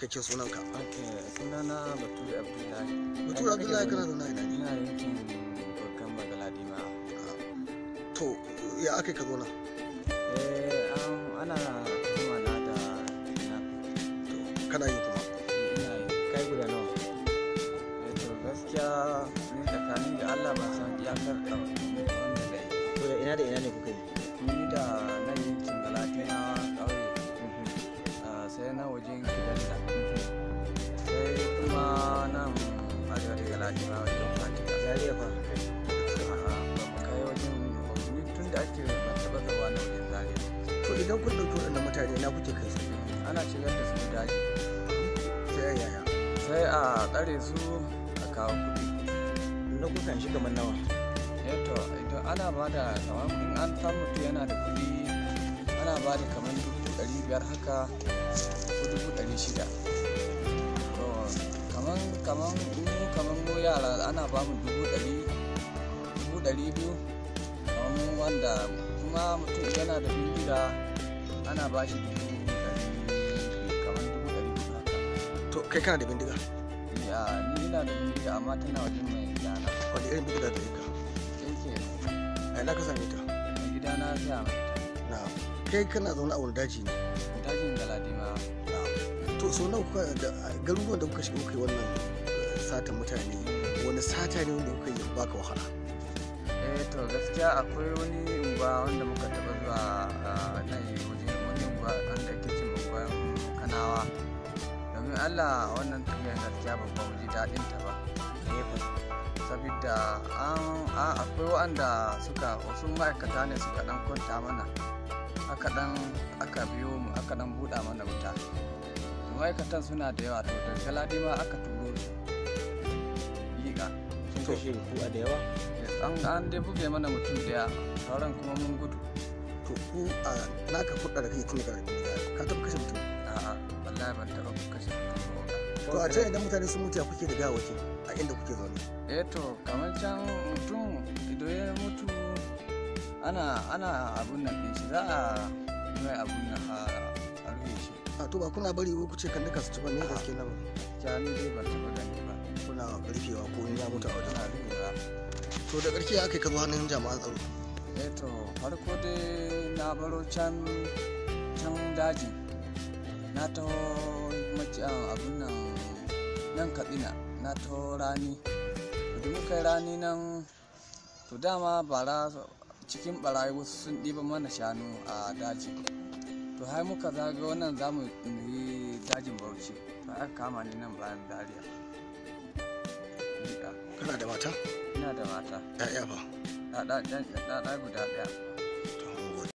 cikakken sunanka sunana bature abdullahi bature abdullahi kana zaune a ina yankin babban bagaladima to ya aka ka zauna eh, ana kuma na da kana yi kuma ina yi kai guda nawa eh, to gaskiya ni tsakanin da Allah ba san iyakar da wanda da ina da ina ne kuka yi ni da nan yankin bagaladima kauye mhm. ah, sai na wajen ake matsa-matsawa na wajen zaria to idan kun dauki waɗannan mutane na kuke kai su ana shigar da su daji sai yaya sai a tsare su a kawo kuɗi na kukan shi kamar nawa eh to ita ana ba da kamar an san mutum yana da kuɗi ana ba da kamar dubu ɗari biyar haka ko dubu ɗari shida to kamar kamar mu kamar mu yara ana ba mu dubu ɗari dubu ɗari biyu kamu wanda kuma mutum yana da bindiga ana ba shi kamar dubu ɗari haka to kai kana da bindiga ya ni ina da bindiga amma tana wajen mai gidana wani irin bindiga da ka sai ke a ina ka same ta mai gidana ya mai na kai kana zaune a wani daji ne dajin na to so nawa kuka da, garuruwan da kuka shiga kuka yi wannan eh, satan mutane wani sata ne wanda kuka yi baka wahala eh to gaskiya akwai wani unguwa wanda muka taba zuwa a ah, nan wani unguwa an ake kicin babban kanawa domin allah wannan tafiya gaskiya babban ba daɗin ta ba eh sabida akwai waɗanda suka wasu ma'aikata ne suka ɗan kwanta mana aka ɗan aka biyo mu aka ɗan buɗa mana wuta ma'aikatan suna da yawa to da shaladi ma aka turo yi sun kashe yawa an dai buge mana mutum daya sauran kuma mun gudu to ku a naka fuɗa da kake tun da ka taɓa kashe mutum a'a wallahi ban taɓa kashe mutum to a can idan mutane sun mutu ya kuke da gawaki a inda kuke zaune eh to kamar can mutum ido ya mutu ana ana abun nan din shi za a mai abun nan a rufe shi a to ba kuna bari ku ce kan duka su ci ba ne gaske na ba ja ni dai ban taɓa gani ba kuna rufewa ko ni ya mutu a wajen a rufewa to da ƙarshe aka ka zo hannun jama'a tsaro eh to farko dai na baro can can daji na ta maki a ah, abun nan nan katsina na ta rani da muka yi rani nan to dama bara cikin barayi wasu sun ɗiba mana shanu a daji to har muka zaga wannan zamu yi dajin bauchi to aka kama ni nan bayan dariya Kana da mata? Ina da mata. ‘Ya'ya ba? Ɗaɗa guda ɗaya.